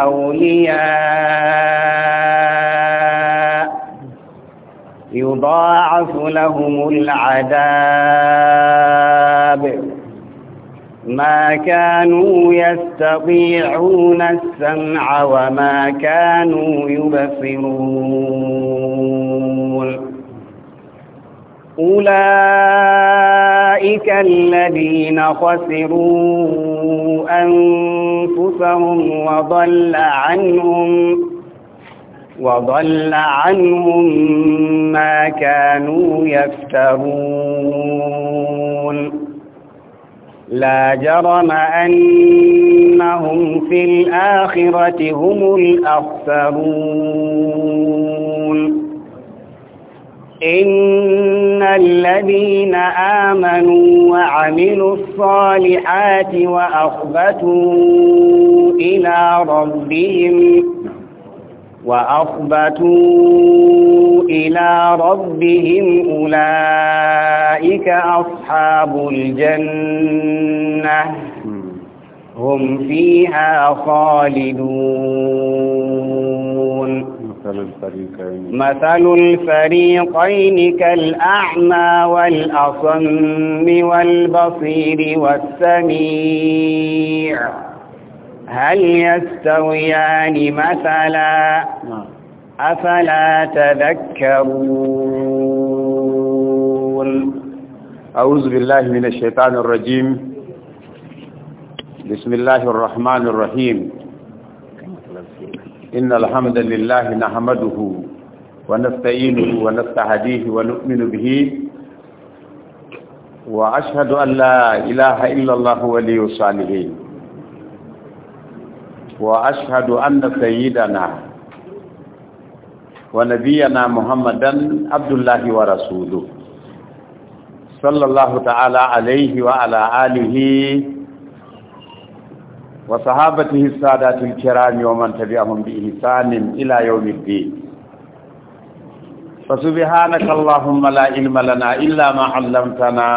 أولياء يضاعف لهم العذاب ما كانوا يستطيعون السمع وما كانوا يبصرون أولئك الذين خسروا أنفسهم وضل عنهم وضل عنهم ما كانوا يفترون لا جرم أنهم في الآخرة هم الأخسرون إن الذين آمنوا وعملوا الصالحات وأخبتوا إلى ربهم وأخبتوا إلى ربهم أولئك أصحاب الجنة هم فيها خالدون مثل الفريقين مثل الفريقين كالأعمى والأصم والبصير والسميع هل يستويان مثلا نعم. أفلا تذكرون أعوذ بالله من الشيطان الرجيم بسم الله الرحمن الرحيم إن الحمد لله نحمده ونستعينه ونستهديه ونؤمن به وأشهد أن لا إله إلا الله ولي الصالحين وأشهد أن سيدنا ونبينا محمدا عبد الله ورسوله صلى الله تعالى عليه وعلى آله wa sahabatihi sadatul kirami wa man tabi'ahum bi ihsanin ila yawmid din fa subhanaka allahumma la lana illa ma 'allamtana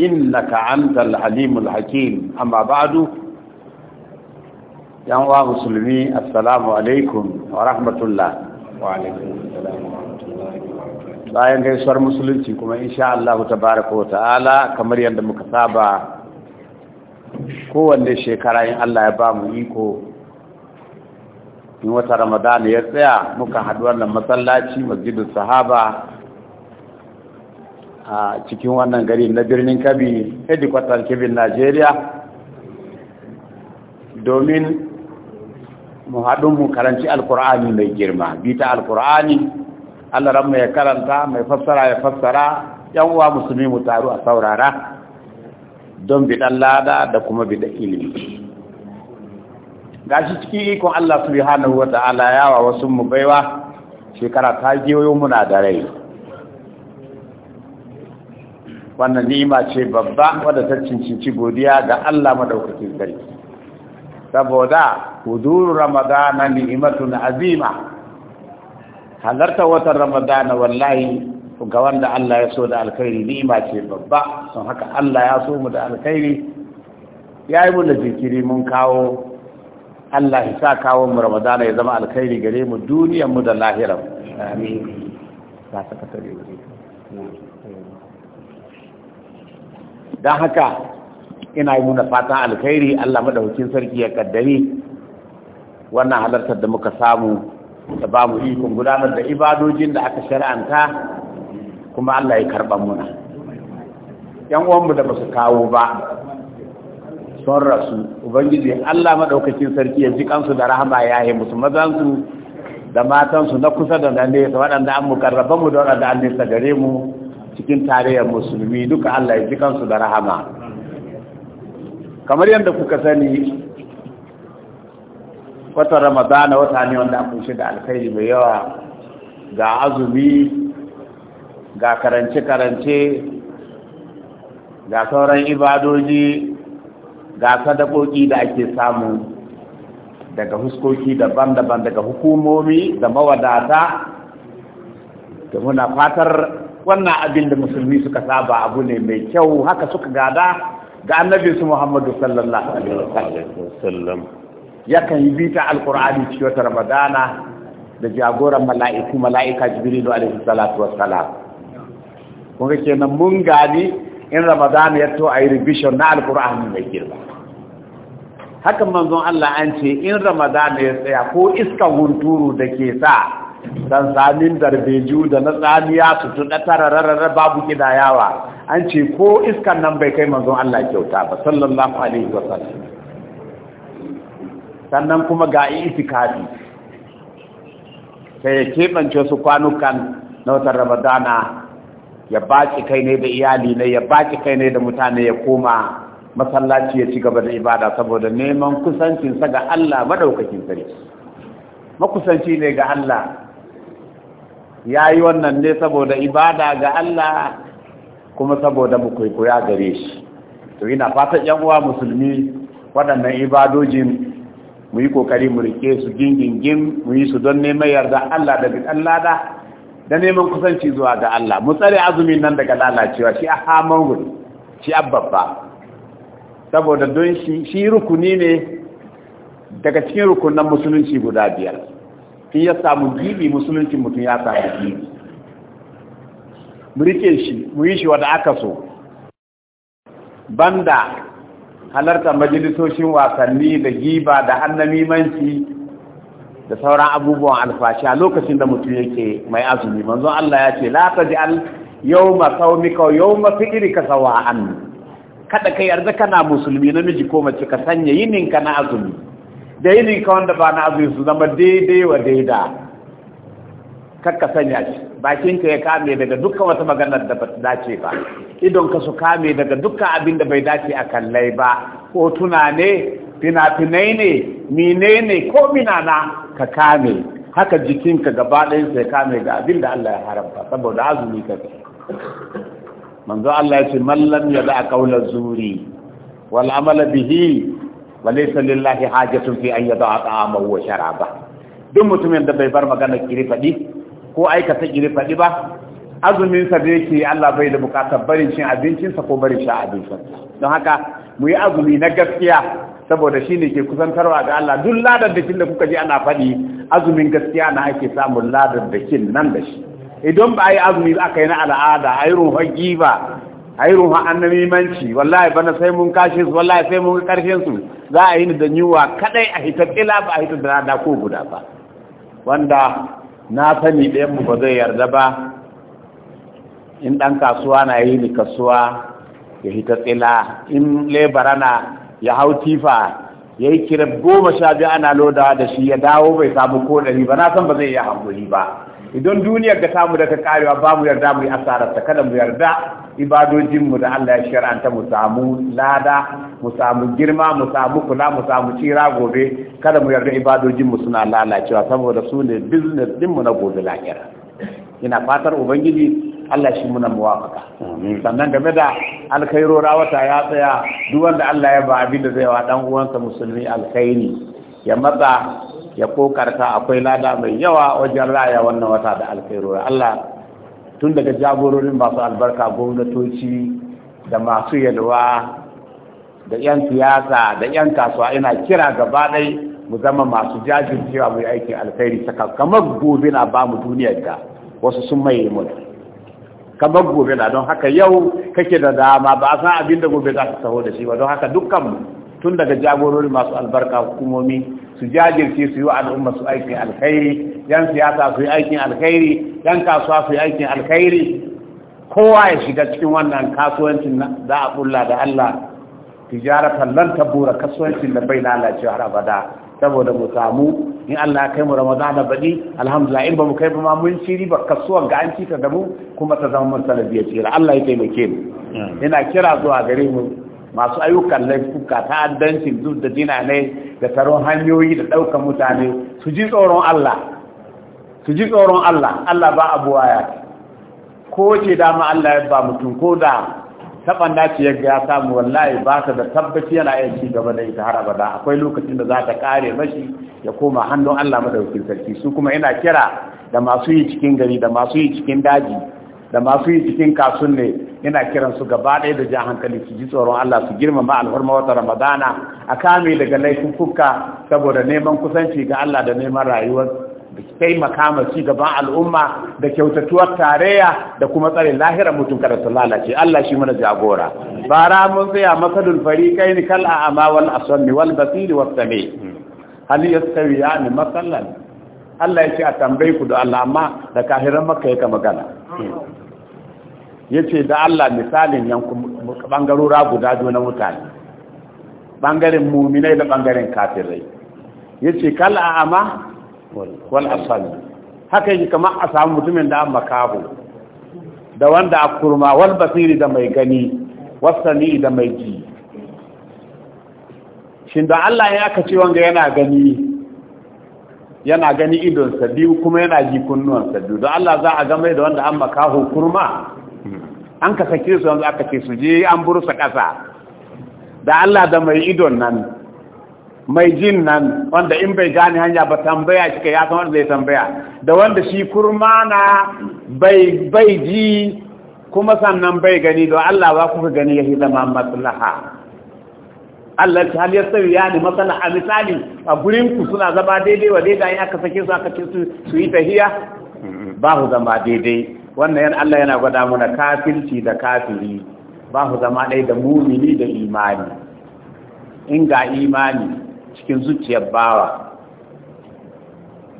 innaka antal alimul hakim amma ba'du yan wa muslimi assalamu alaikum wa rahmatullah bayan gaisuwar musulunci kuma insha Allah tabaraka wa ta'ala kamar yadda muka saba kowanne shekara in Allah ya ba mu iko in wata ramadana ya tsaya muka haɗu wannan masallaci masjidin sahaba a cikin wannan gari na birnin kabi hedikwatar kebin najeriya domin mu haɗu mu karanci alkur'ani mai girma bita alkur'ani allah ramu ya karanta mai fassara ya fassara yan uwa musulmi mu taru a saurara don dan lada da kuma da ilimi gashi cikin ikon Allah subhanahu wa ta'ala yawa wasu mu baiwa shekara ta jiyo muna da rai wannan nima ce babba wadda ta cincinci godiya ga Allah madaukakin sarki saboda hudur ramadana ni'imatun azima halarta watan ramadana wallahi ga wanda Allah ya so da alkhairi ni'ima ce babba don haka Allah ya so mu da alkhairi ya yi mun da jinkiri mun kawo Allah ya sa kawo mu Ramadana ya zama alkhairi gare mu duniyar mu da lahira amin ta saka tare dan haka ina yi muna fatan alkhairi Allah madaukakin sarki ya kaddari wannan halartar da muka samu da ba mu ikon gudanar da ibadojin da aka shari'anta kuma Allah ya karɓa muna yan uwanmu da ba su kawo ba sun rasu ubangiji Allah maɗaukacin sarki ya ji kansu da rahama ya yi musu mazansu da matansu na kusa da na nesa waɗanda an mukarraban mu da waɗanda an nesa gare mu cikin tarayyar musulmi duka Allah ya ji kansu da rahama kamar yadda kuka sani watan ramadana wata ne wanda a kunshi da alkhairi mai yawa ga azumi ga karance-karance ga sauran ibadoji ga sadakoki da ake samu daga huskoki daban-daban daga hukumomi da mawadata da muna fatar wannan abin da musulmi suka saba abu ne mai kyau haka suka gada ga annabinsu muhammadu sallallahu alaihi wasallam yakan yi bita alkur'ani cikin wata ramadana da jagoran mala'iku mala'ika jibrilu alaihi salatu kuka kenan mun gani in ramadan ya to ayi revision na alqur'ani mai girma hakan manzon Allah an ce in ramadan ya tsaya ko iska hunturu da ke sa dan samin darbeju da na tsamiya su tuda tarararra babu kidayawa an ce ko iskan nan bai kai manzon Allah kyauta ba sallallahu alaihi wasallam sannan kuma ga itikafi sai ya keɓance su kwanukan na watan ramadana ya baki kai ne da iyali ne ya baki kai ne da mutane ya koma masallaci ya ci gaba da ibada saboda neman kusancinsa ga Allah madaukakin sarki makusanci ne ga Allah ya yi wannan ne saboda ibada ga Allah kuma saboda mu gare shi to ina fatan yan uwa musulmi waɗannan ibadojin mu yi kokari mu rike su gingingin mu yi su don neman yarda Allah da Allah lada da neman kusanci zuwa ga Allah mu tsare azumin nan daga lalacewa shi a haman wuri shi abbabba saboda don shi shi rukuni ne daga cikin rukunan musulunci guda biyar in ya samu gibi musulunci mutum ya samu gibi mu rike shi mu yi shi wadda aka so banda halarta majalisoshin wasanni da giba da annamimanci da sauran abubuwan alfashi a lokacin da mutum yake mai azumi manzo Allah ya ce la taj'al yawma sawmika yawma fi'rika sawa'an kada kai yarda kana musulmi namiji ko mace ka sanya yininka na azumi da ka wanda ba na azumi su zama daidai wa daida ka sanya shi bakinka ya kame daga dukkan wata maganar da ba dace ba idon ka su kame daga dukkan abin da bai dace a kallai ba ko tuna ne fina-finai ne mine ne ko minana ka kame haka jikinka gaba ɗayan sai kame ga abin da Allah ya haramta saboda azumi ka manzo Allah ya ce mallam ya da kaula zuri wal amala bihi wa laysa lillahi hajatun fi an yada ta'amahu wa sharaba duk mutumin da bai bar magana kiri fadi ko aikata kiri fadi ba azumin sa da yake Allah bai da bukatar barin cin abincinsa ko barin sha abincinsa don haka mu yi azumi na gaskiya saboda shi ne ke kusantarwa ga Allah duk ladar dakin da kuka ji ana faɗi azumin gaskiya na ake samun ladar dakin nan da shi idan ba a yi azumi aka yi na al'ada a yi ruhon giba a yi ruhon annamimanci wallahi bana sai mun kashe su wallahi sai mun karshen su za a yi ni da yiwa kadai a hitar ila ba a hitar da rada ko guda ba wanda na sani ɗayan mu ba zai yarda ba in ɗan kasuwa na yi ni kasuwa ya hitar tsila in lebara na ya hau tifa ya yi kira goma sha biyu ana loda da shi ya dawo bai samu ko ɗari ba na san ba zai iya hankuri ba idan duniyar da samu da ta karewa ba mu yarda mu yi asararta kada mu yarda ibadojinmu da Allah ya shar'anta mu samu lada mu samu girma mu samu kula mu samu tsira gobe kada mu yarda ibadojinmu suna lalacewa saboda su ne business dinmu na gobe lahira ina fatar ubangiji Allah shi muna muwafaka sannan game da alkhairo wata ya tsaya duk wanda Allah ya ba abin da zai wa dan uwansa musulmi alkhairi ya matsa ya kokarta akwai lada mai yawa wajen raya wannan wata da alkhairo Allah tun daga jagororin masu albarka gwamnatoci da masu yalwa da 'yan siyasa da 'yan kasuwa ina kira gaba ɗai mu zama masu jajircewa mai aikin alkhairi kamar gobe na ba mu duniyar da wasu sun maye mu kamar gobe na don haka yau kake da dama ba a san abin da gobe za ka taho da shi ba don haka dukkan tun daga jagorori masu albarka hukumomi su jajirce su yi wa al'umma su aikin alkhairi yan siyasa su yi aikin alkhairi yan kasuwa su yi aikin alkhairi kowa ya shiga cikin wannan kasuwancin za a da Allah tijara kallon tabura kasuwancin da bai lalace har abada saboda mu samu in Allah ya kai mu Ramadan da baɗi alhamdulillah in ba mu kai ba ma mun shiri ba kasuwar ga an cika da mu kuma ta zama mun sanadiyar tsira Allah ya taimake mu ina kira zuwa gare mu masu ayyukan laifuka ta ta'addancin duk da dina ne da taron hanyoyi da ɗaukar mutane su ji tsoron Allah su ji tsoron Allah Allah ba abuwa ya ko ce dama Allah ya ba mutum ko da taban da ce yaga ya samu wallahi ba ka da tabbaci yana iya ci gaba da ita har abada akwai lokacin da za ta kare mashi ya koma hannun Allah madaukakin sarki su kuma ina kira da masu yi cikin gari da masu yi cikin daji da masu yi cikin kasunne ina kiran su gaba ɗaya da jan hankali su ji tsoron Allah su girmama alhurma wata Ramadana a kame daga laifin kuka, saboda neman kusanci ga Allah da neman rayuwar da taimaka ma ci gaban al'umma da kyautatuwar tarayya da kuma tsarin lahirar mutum kada su lalace Allah shi mana jagora bara mun tsaya kai ni kal a a'ma wal asmi wal basir was sami ya ni masallan Allah ce a tambayi ku da Allah amma da kahiran makka yake magana yace da Allah misalin yankun bangarora guda biyu na mutane bangaren mu'minai da bangaren kafirai yace kal a a'ma wal asali haka yi kamar a samu mutumin da an makabu da wanda a kurma wal basiri da mai gani wasani da mai ji shin da Allah ya aka ce wanga yana gani yana gani sa biyu kuma yana ji sa biyu da Allah za a game da wanda an kaho kurma an ka sake su yanzu aka ce su je an bursa ƙasa da Allah da mai idon nan mai jin nan wanda in bai gane hanya ba tambaya shi ya san wanda zai tambaya da wanda shi kurma na bai ji kuma sannan bai gani don Allah ba kuka gani ya zama maslaha Allah ta hal yasawi ya ne matsala a misali a gurinku suna zama daidai wa daidai in aka sake su aka ce su yi tahiya ba zama daidai wannan yan Allah yana gwada mana kafirci da kafiri ba ku zama ɗaya da mumini da imani in ga imani cikin zuciyar bawa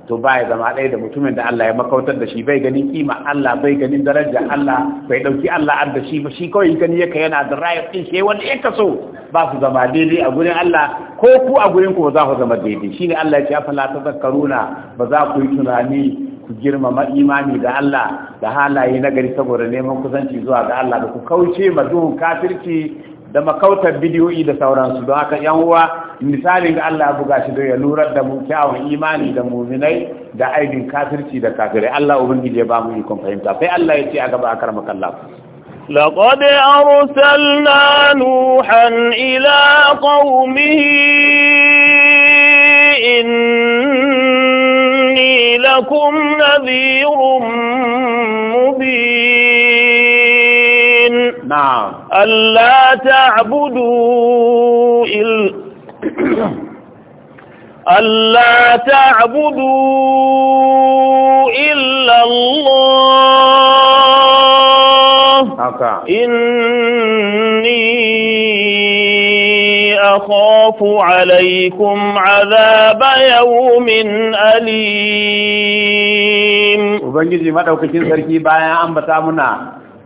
to baya zama ɗaya da mutumin da Allah ya makautar da shi bai ganin kima Allah bai ganin daraja Allah bai ɗauki Allah an da shi ba shi kawai gani yaka yana da rayar ɗin shi wanda ya kaso ba su zama daidai a gurin Allah ko ku a gurin ku ba za ku zama daidai shi ne Allah ya ce afala ta zakaruna ba za ku yi tunani ku girmama imani da Allah da halaye na gari saboda neman kusanci zuwa ga Allah da ku kauce ma duhun kafirci da makautar bidiyo'i da sauransu don haka yan uwa misalin da Allah ya buga shi da ya lura da mu kyawun imani da muminai da aibin kafirci da kafirai Allah ubangiji ya ba mu ikon fahimta sai Allah ya ce a gaba a karma kallahu لقد أرسلنا نوحا إلى قومه إني لكم نذير مبين نعم ألا تعبدوا إلا Allah ta abudu illallah inni akhafu alaikum azaba yawmin alim Ubangiji madaukakin sarki bayan an bata muna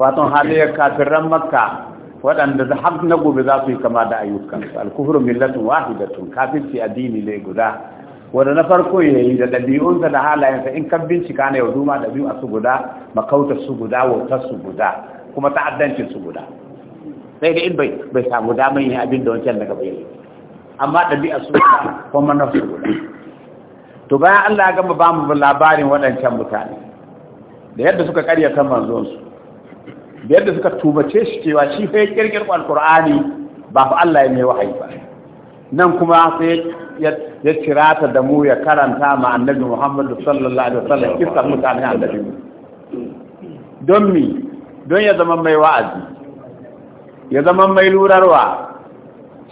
faton halayyar kafiran Makka waɗanda har na gobe za su yi kama da ayyukansu alkufru millatin wahidatun kafirci addini ne guda wanda na farko ya yi da ɗabi'unsa da halayensa in kan bincika na yau duma ɗabi'a su guda makauta su guda wautar su guda kuma ta'addancin su guda sai da in bai bai samu damar yin abin da wancan daga bai amma ɗabi'a su guda ko na su guda to bayan Allah ya gama ba mu labarin waɗancan mutane da yadda suka karyata manzonsu da yadda suka tubace shi cewa shi fa ya kirkir alkur'ani ba fa Allah ya mai wahayi ba nan kuma sai ya cirata da mu ya karanta ma annabi Muhammad sallallahu alaihi wasallam kisa mutane annabi don mi don ya zama mai wa'azi ya zama mai lurarwa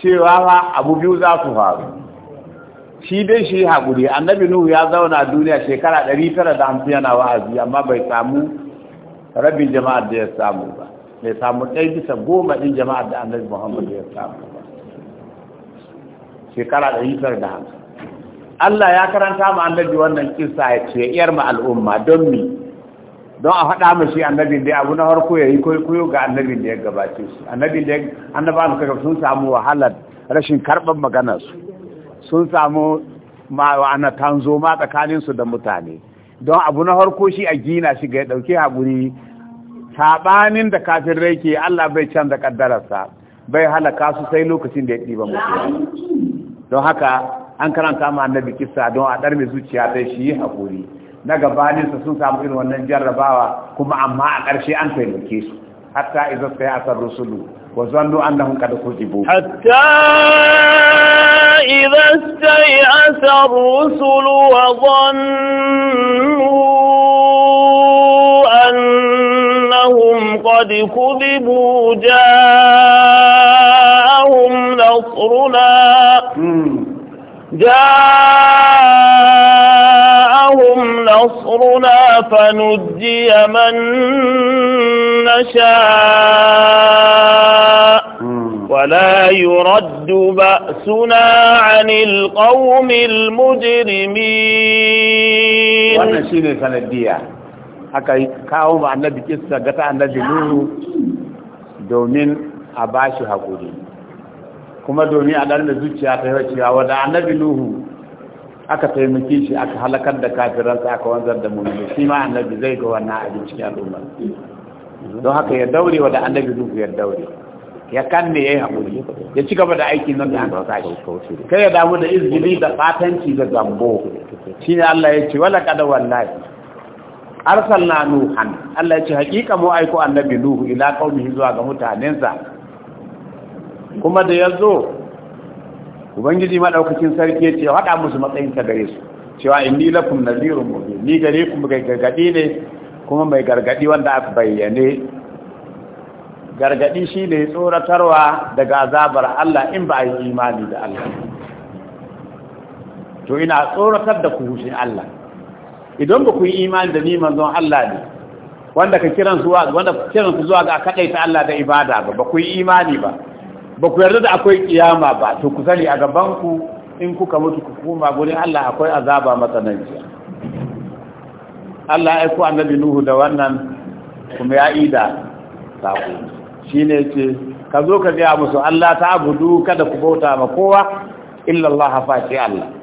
cewa fa abu biyu za su faru shi dai shi hakuri, annabi nuhu ya zauna duniya shekara 950 yana wa'azi amma bai samu rabin jama'ar da ya samu ba bai samu ɗai bisa goma ɗin jama'ar da annabi muhammad ya samu ba shekara da tara da hannu. Allah ya karanta ma annabi wannan kisa ya ce iyar ma al'umma don mi don a faɗa ma shi annabin da abu na farko ya yi koyo ga annabin da ya gabace shi annabin da su kaga sun samu wahalar rashin karɓar magana su sun samu wa'ana tanzo ma tsakanin su da mutane don abu na farko shi a gina shi ga ya ɗauke haƙuri saɓanin da kafin rai ke Allah bai canza ƙaddararsa bai halaka su sai lokacin da ya ɗiba mutuwa don haka an karanta ma annabi don a ɗarme zuciya sai shi yi haƙuri na gabaninsa sun samu irin wannan jarrabawa kuma amma a ƙarshe an taimake su hatta iza sai asar rusulu wa zannu annahum qad kujibu hatta san rusulu, wa وظنوا قد كذبوا جاءهم نصرنا جاءهم نصرنا فنجي من نشاء ولا يرد بأسنا عن القوم المجرمين وانا شيني aka yi kawo ma annabi kissa ga ta annabi nuhu domin a bashi hakuri kuma domin a dan da zuciya ta yi cewa wanda annabi nuhu aka taimaki shi aka halakar da kafiransa aka wanzar da mummuni shi ma annabi zai ga wannan abin cikin al'umma don haka ya daure wadda annabi nuhu ya daure ya ne ya yi haƙuri ya ci gaba da aiki nan da aka sashi kai ya damu da izgili da fatanci da zambo shi ne Allah ya ce wala kada wallahi arsalna nuhan Allah ya ce hakika mu aiko annabi nuhu ila qaumihi zuwa ga mutanensa kuma da yazo ubangiji madaukakin sarki ya ce hada musu matsayin ta gare su cewa inni lakum nadhirun mubin ni gare ku mai gargadi ne kuma mai gargadi wanda aka bayyane gargadi shine tsoratarwa daga azabar Allah in ba a yi imani da Allah to ina tsoratar da ku hushin Allah idan ba ku yi imani da ni manzon Allah ne wanda ka kiran su wanda kiran ku zuwa ga kadaita Allah da ibada ba ba ku yi imani ba ba ku yarda da akwai kiyama ba to ku sani a gaban ku in kuka mutu ku koma gurin Allah akwai azaba matsananci. Allah ya ku annabi Nuhu da wannan kuma ya ida sako shine ce ka zo ka ga musu Allah ta abudu kada ku bauta ma kowa illa Allah fa Allah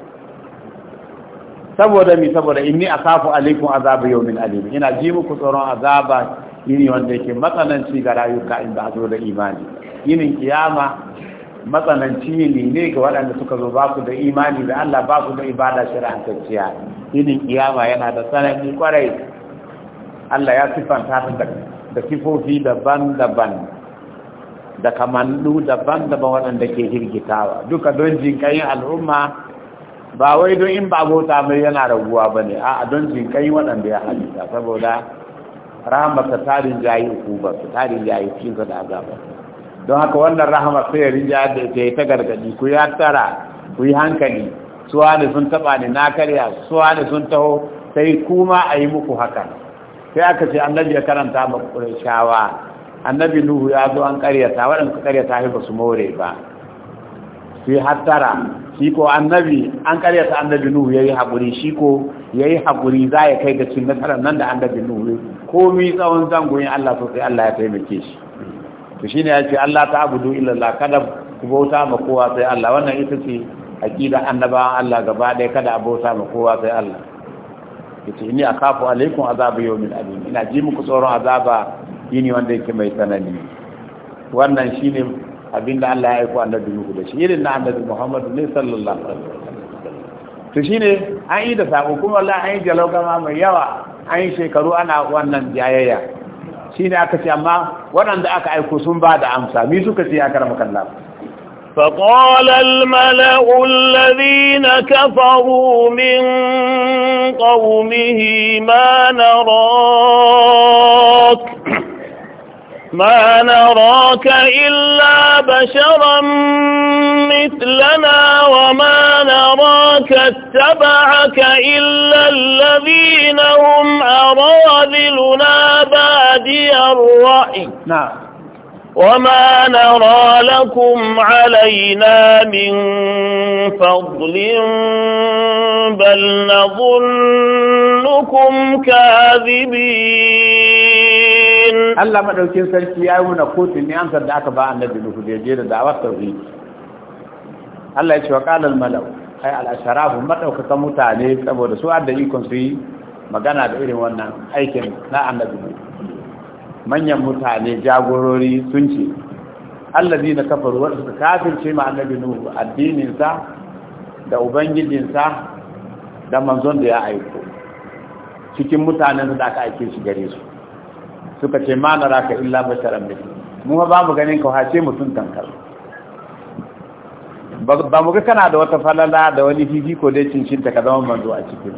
saboda mi saboda inni akafu alaikum azaba yawmin alim ina ji muku tsoron azaba yini wanda yake matsananci ga rayuka in ba zo da imani yinin kiyama matsananci ne ne ga waɗanda suka zo ba ku da imani da Allah ba ku da ibada shari'antacciya yinin kiyama yana da tsanani kwarai Allah ya sifanta ta da sifofi daban-daban da kamannu daban-daban waɗanda ke hirgitawa duka don jinkayin al'umma ba wai don in ba bauta mai yana raguwa ba ne a don jinkai waɗanda ya halitta saboda ta tarin jayi ba, ta tarin jayi cinsa da azabar don haka wannan rahamar sai rinja da ta ta gargadi ku ya tara ku yi hankali suwa ne sun taɓa ne na karya suwa ne sun taho sai kuma a yi muku hakan sai aka ce annabi ya karanta ma shawa annabi nuhu ya zo an karyata waɗanda karyata ba su more ba fi hattara shi ko annabi an karyata annabi nuhu yayi hakuri shi ko yayi hakuri za ya kai ga cin nasarar nan da annabi nuhu komai tsawon zangoyin Allah sosai Allah ya taimake shi to shine ya ce Allah ta abudu illa Allah kada ku bauta ma kowa sai Allah wannan ita ce aqida annaba Allah gaba ɗaya kada a bauta ma kowa sai Allah yace inni akafu alaikum azab yawmin alim ina ji muku tsoron azaba yini wanda yake mai tsanani wannan shine abinda Allah ya aiko annabi Nuhu da shi irin na annabi Muhammad ne sallallahu alaihi wasallam to shine an yi da sako kuma wallahi an yi jalogama mai yawa an yi shekaru ana wannan jayayya shine aka ce amma waɗanda aka aiko sun ba da amsa mi suka ce ya karama kallah فقال الملأ الذين كفروا من قومه ما نراك ما نراك إلا بشرا مثلنا وما نراك اتبعك إلا الذين هم أراذلنا بادي الرأي نعم وما نرى لكم علينا من فضل بل نظنكم كاذبين Allah madaukin sarki ya yi muna kotun ne amsar da aka ba annabi Nuhu da je da da'awar tauhidi Allah ya ce wa qala al malau ay al asharafu madaukakan mutane saboda su adda ikon su yi magana da irin wannan aikin na annabi manyan mutane jagorori sun ce na kafaru wa suka kafirce ma annabi Nuhu addininsa, sa da ubangijinsa da manzon da ya aiko cikin mutanen da aka aike shi gare su suka ce ma na raka illa basharan mithlu mu ba mu ganin ka hace mutum tankar ba mu ga kana da wata falala da wani fifiko dai cincin ta ka zama manzo a cikin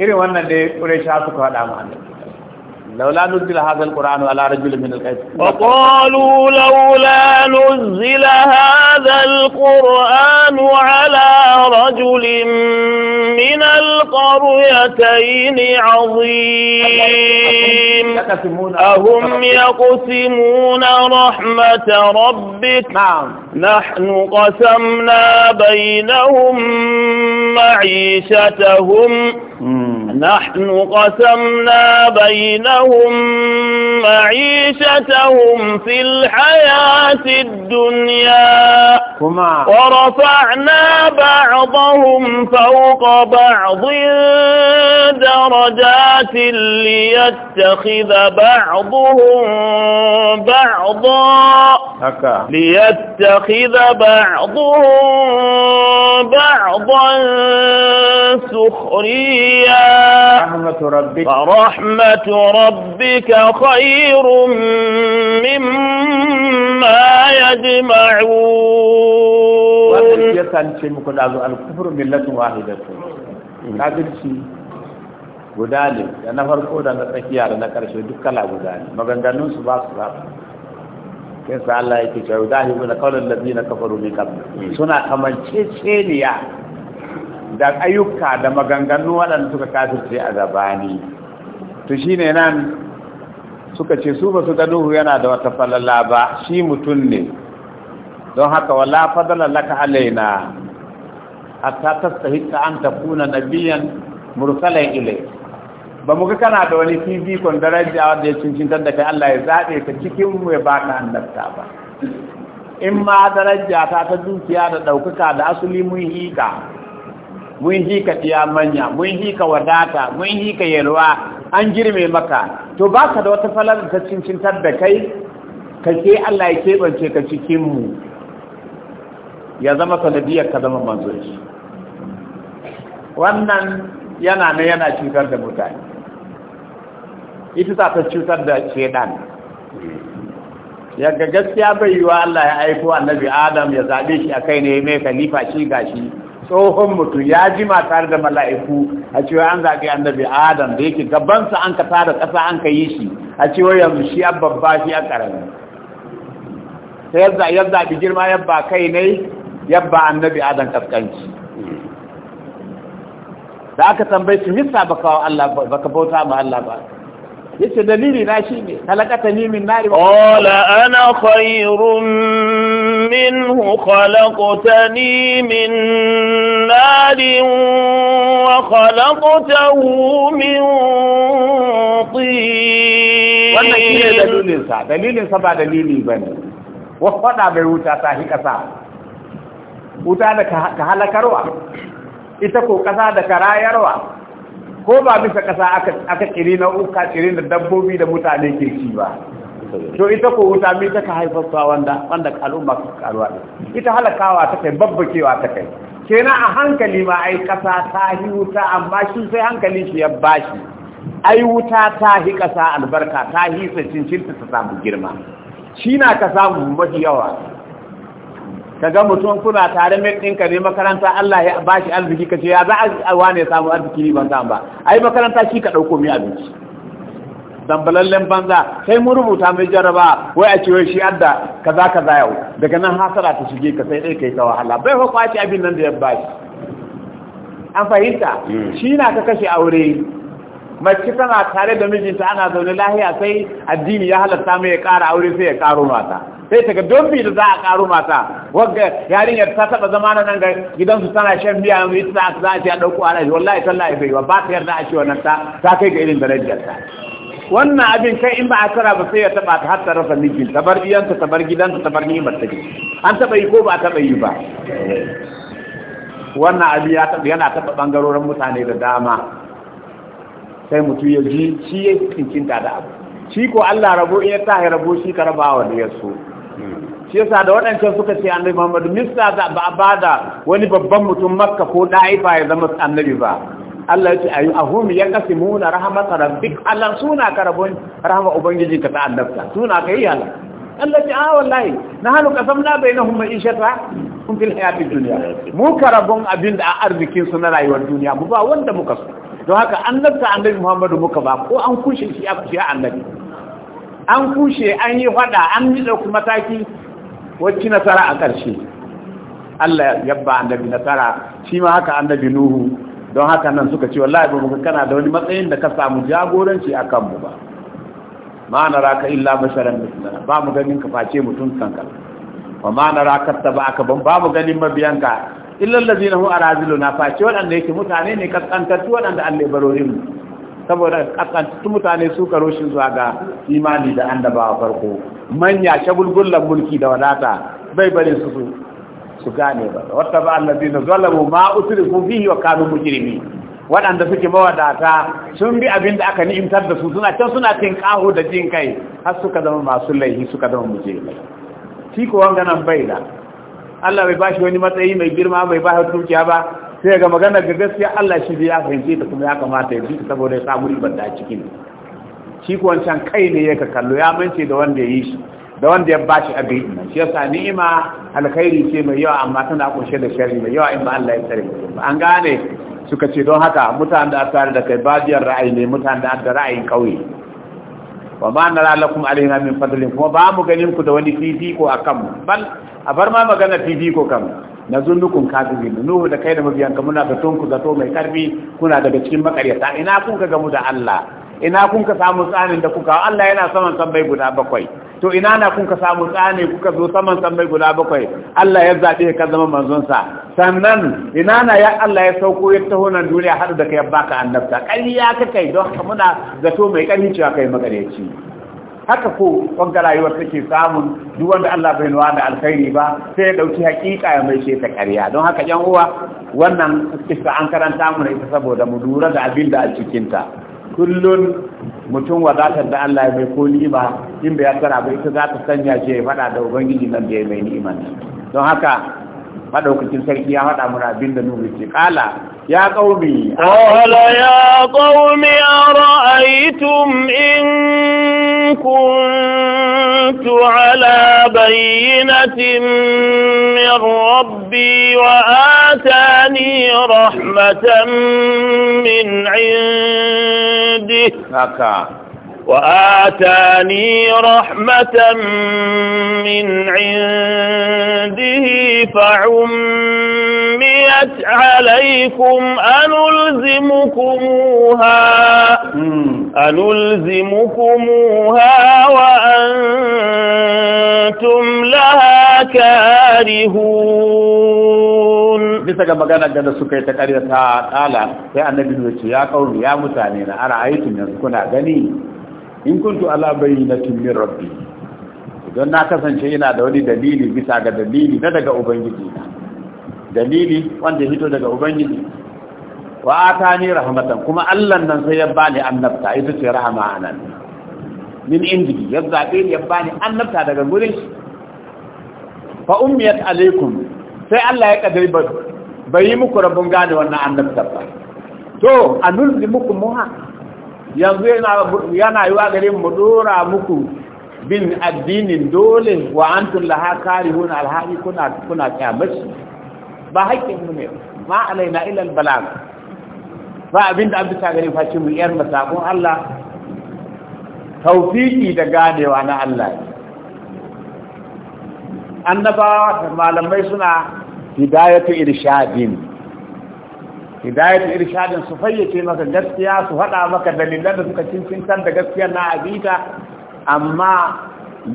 irin wannan dai ƙurai sha suka haɗa mu annabi لولا نزل هذا القرآن على رجل من الغيب وقالوا لولا نزل هذا القرآن على رجل من القريتين عظيم أهم يقسمون رحمة ربك نعم نحن قسمنا بينهم معيشتهم نحن قسمنا بينهم لهم معيشتهم في الحياة الدنيا ورفعنا بعضهم فوق بعض درجات ليتخذ بعضهم بعضا هكا. ليتخذ بعضهم بعضا سخريا رحمة ربك فرحمة ربك خير مما يجمعون wannan muku da zuwa guda ne da na farko da na tsakiya da na karshe duk guda ne maganganun su ba su kin sa na ladina da ayyuka da maganganun suka kafirce a to shine nan suka ce su ba su ga yana da wata falala ba shi mutum ne don haka wala fadala laka alaina hatta tastahiqa an takuna nabiyan mursalan ilay ba mu ga kana da wani TV kon daraja da ya tan da kai Allah ya zabe ka cikin mu ya baka annabta ba in ma daraja ta ta dukiya da daukaka da asali mun hika mun hika tiya manya mun hika wadata mun hika yelwa an girme maka to baka da wata falala ta cincintar da kai kake Allah ya kebance ka cikin mu ya zama sanadiyar ka zama manzoci wannan yana na yana cutar da mutane ita za ta cutar da shedan yadda gaskiya bai yiwa Allah ya aiko annabi Adam ya zaɓe shi a kai ne mai khalifa shi gashi tsohon mutum ya jima tare da mala'iku a cewa an zaɓi annabi Adam da yake gabansa an ka tara ƙasa an ka yi shi a cewa yanzu shi a babba shi a ƙarami sai girma ya kai ne yabba annabi adam kaskanci da aka tambaye shi misa baka wa Allah baka bauta ma Allah ba yace dalili na shi ne halakata ni min nari qala ana khairun minhu khalaqtani min narin wa khalaqtahu min tin wannan shi ne dalilin sa dalilin sa ba dalili bane wa fada bai wuta ta hi kasa wuta da ka halakarwa ita ko ƙasa da ka rayarwa ko ba bisa ƙasa aka ƙiri na uka ƙiri da dabbobi da mutane ke ci ba to ita ko wuta mai ta ka haifarsa wanda wanda al'umma su karuwa ita halakawa ta kai babbakewa ta kai kenan a hankali ma ai ƙasa ta hi wuta amma shi sai hankali shi ya bashi ai wuta ta hi ƙasa albarka ta hi sa cincinta ta samu girma shi na ka samu mafi yawa ka ga mutum kuna tare mai ɗinka ne makaranta Allah ya ba shi arziki ka ce ya za a wane samu arziki ne ban samu ba a yi makaranta shi ka ɗauko mai abinci dambalallen banza sai mun rubuta mai jaraba wai a ce wai shi adda kaza kaza yau daga nan hasara ta shige ka sai dai kai ta wahala bai fa kwaci abin nan da ya bashi an fahimta hmm. shi na ka kashe aure mace tana tare da mijinta ana zaune lahiya sai addini ya halatta mai ya kara aure sai ya ƙaro mata sai ta ga don bi da za a karo mata wagga yarinyar ta taba zama nan ga gidansu tana shan biya mu ita za a ce a dauko alaji wallahi tallahi bai ba ta yarda a ce wannan ta ta kai ga irin darajar ta wannan abin kai in ba a tara ba sai ya taba ta har ta rasa mijin ta bar iyanta ta bar gidanta ta bar nimar ta an taba yi ko ba taba yi ba wannan abin ya taba yana taba bangarorin mutane da dama sai mutum ya ji shi ya cikin da abu shi ko Allah rabo in ya tahi rabo shi ka wa da ya so shi yasa da waɗancan suka ce annabi Muhammadu mista da ba a da wani babban mutum Makka ko Daifa ya zama annabi ba Allah ya ce ayu ahum yaqsimuna rahmat rabbik Allah suna ka rabon rahma ubangiji ka ta annabta suna ka yi Allah Allah ce ah wallahi nahnu qasamna bainahum ma'ishata kun fil hayati dunya mu ka rabon abinda a arzikin su na rayuwar duniya mu ba wanda muka so don haka annabta annabi Muhammadu muka ba ko an kushe shi a kushe annabi an kushe an yi fada an yi dauki mataki wacce nasara a ƙarshe Allah ya ba annabi nasara shi ma haka annabi nuhu don haka nan suka ce wallahi ba muka kana da wani matsayin da ka samu jagoranci a kanmu ba ma na raka illa basharan mislana ba mu ganin ka face mutum kanka wa ma na raka ta ba aka ban ba mu ganin mabiyanka illal hu hu na face waɗanda yake mutane ne kaskantattu waɗanda Allah ya barorin mu saboda kasantun mutane su karo shi zuwa ga imani da a farko manya shagulgullan mulki da wadata bai bari su su su gane ba wata ba na zalamu ma utriku fihi wa kanu mujrimin waɗanda suke mawadata sun bi abin da aka ni'imtar da su suna can suna cin ƙaho da jin kai har suka zama masu laihi suka zama mujrimai shi ko wanga nan bai da Allah bai bashi wani matsayi mai girma bai bashi shi ba sai ga magana ga gaskiya Allah shi ya fahimce ta kuma ya kamata ya bi saboda ya samu ribar da cikin shi ko wancan kai ne ya ka kallo ya mance da wanda ya yi shi da wanda ya bashi abin nan shi sa ni'ima alkhairi ce mai yawa amma tana kunshe da shari mai yawa in ba Allah ya tsare ba an gane suka ce don haka mutanen da tare da kai babiyar ra'ayi ne mutanen da da ra'ayin kauye wa ma la lakum alaina min fadlin kuma ba mu ganin ku da wani fifiko akan mu bal a bar ma magana fifiko kan na zunukun kafiri nuhu da kai da mabiyanka muna da tunku zato mai karfi kuna daga cikin makaryata ina kun ka gamu da Allah ina kun ka samu tsanin da kuka Allah yana saman sambai guda bakwai to ina na kun ka samu tsane kuka zo saman sambai guda bakwai Allah ya zabe ka zama manzon sa sannan ina na ya Allah ya sauko ya taho nan duniya har da kai baka annabta kai ya kai don muna zato mai karfi cewa kai makaryaci haka ko wanda rayuwar take samun duk wanda Allah bai nuna da alkhairi ba sai ya dauki hakika ya mai ce ta ƙarya don haka yan uwa wannan kisa an karanta mu ita saboda mu lura da abin da a cikin ta kullun mutum wadatar da Allah ya mai ko ba in bai tsara ba ita za ta sanya shi ya faɗa da ubangiji nan da ya mai ni'iman don haka madaukakin sarki ya faɗa mana abin da nuhu ce kala يا قومي قال يا قوم أرأيتم إن كنت على بينة من ربي وآتاني رحمة من عنده وآتاني رحمة من عنده فعميت عليكم أنلزمكموها أنلزمكموها وأنتم لها كارهون bisa ga magana da suka yi ta ƙarya ta ala sai annabi ya ce ya kauri ya mutane na ara aikin yanzu kuna gani in kuntu ala na min rabbi idan na kasance ina da wani dalili bisa ga dalili na daga ubangiji dalili wanda hito daga ubangiji wa atani rahmatan kuma Allah nan sai ya bani annabta ita ce rahama anan min indi ya zabe ya bani annabta daga gurin shi. fa ummiyat alaikum sai Allah ya kadari bai muku rabun gane wannan annabta ba to anulzimukum muha yanzu yana yi wa gare mu dora muku bin addinin dole wa antum laha karihun alhaqi kuna kuna kyamaci ba haƙƙin mu ne ma alaina ila albalag ba abinda an bisa gare face mu yar masakon Allah tawfiki da ganewa na Allah annabawa malamai suna hidayatu irshadin hidayat irshadin su fayyace maka gaskiya su haɗa maka dalilan da suka cincintar da gaskiya na abita amma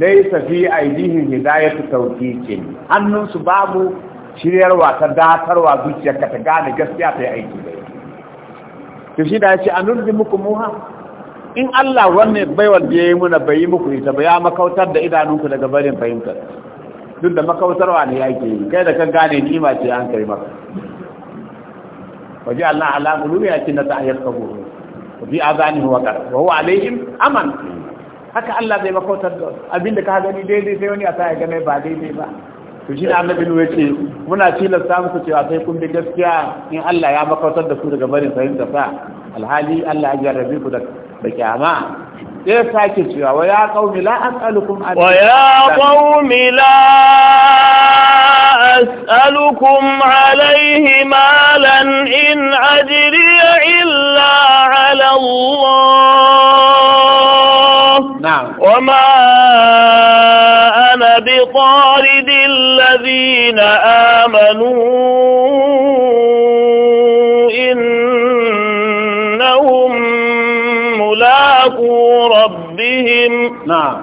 laisa fi aidihin hidayatu tawfiqin hannun su babu shiryarwa ta datarwa ka ta gane gaskiya ta yi aiki da to shi da yace anurdi muku muha in Allah wannan baiwar da yayi muna bai yi muku ita ba ya makautar da idanunku daga barin fahimtar duk da makautarwa ne yake yi kai da kan gane ni'ima ce an kai maka وجعلنا على قلوبهم أكنة أن يفقهوه وفي آذانهم وقر وهو عليهم أمن haka Allah zai makautar da abinda ka gani daidai sai wani a sa ya game ba daidai ba to shi da annabi ya ce muna tilasta muku cewa sai kun bi gaskiya in Allah ya makautar da su daga barin fahimta sa alhali Allah ya jarrabe ku da kyama sai sake cewa wa ya qaumi la as'alukum alayhi wa ya qaumi la as'alukum alayhi malan in ajri illa ala Allah na'am wa ma ana bi tarid alladhina amanu بهم نعم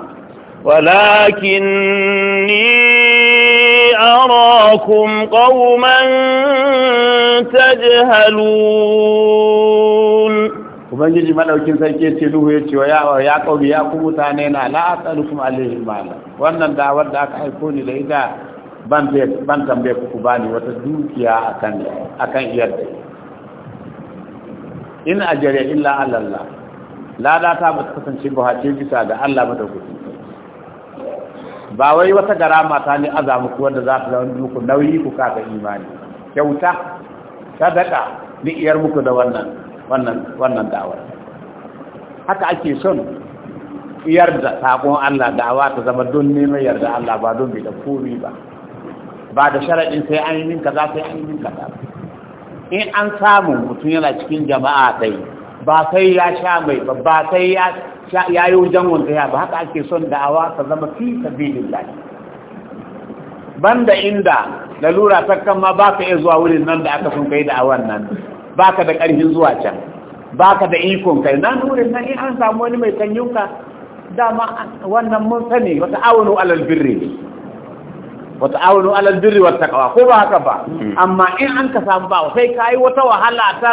ولكني أراكم قوما تجهلون ubangiji madaukin sarki ce duhu ya ce wa ya kauri ya ku mutane na la'asalukum alaihi mala wannan dawar da aka aiko ni da ita ban ban tambaye ku bani wata dukiya akan akan iyar in ajriya illa ala Allah lada ta ba ta kasance buhace bisa ga Allah gudu. ba wai wata garama ta ne azamu ku wanda za ta zama muku nauyi ku kaka imani kyauta sadaka duk iyar muku da wannan wannan wannan da'awar haka ake son iyar da sakon Allah da'awa ta zama don neman yarda Allah ba don bai da komi ba ba da sharaɗin sai an yi minka za sai an yi minka in an samu mutum yana cikin jama'a ɗaya ba sai ya sha mai ba ba sai ya yi wujen ya ba haka ake son da awa ta zama fi sabilin lafi banda inda lalura ta ma ba ka iya zuwa wurin nan da aka sun kai awan nan ba ka da ƙarfin zuwa can ba ka da ikon kai nan wurin nan in an samu wani mai kanyuka dama wannan mun sani wata awonu alal birri ne wata ta'awunu 'alal birri wat takawa ko ba haka ba hmm. amma in an ka samu ba sai kai wata wahala ta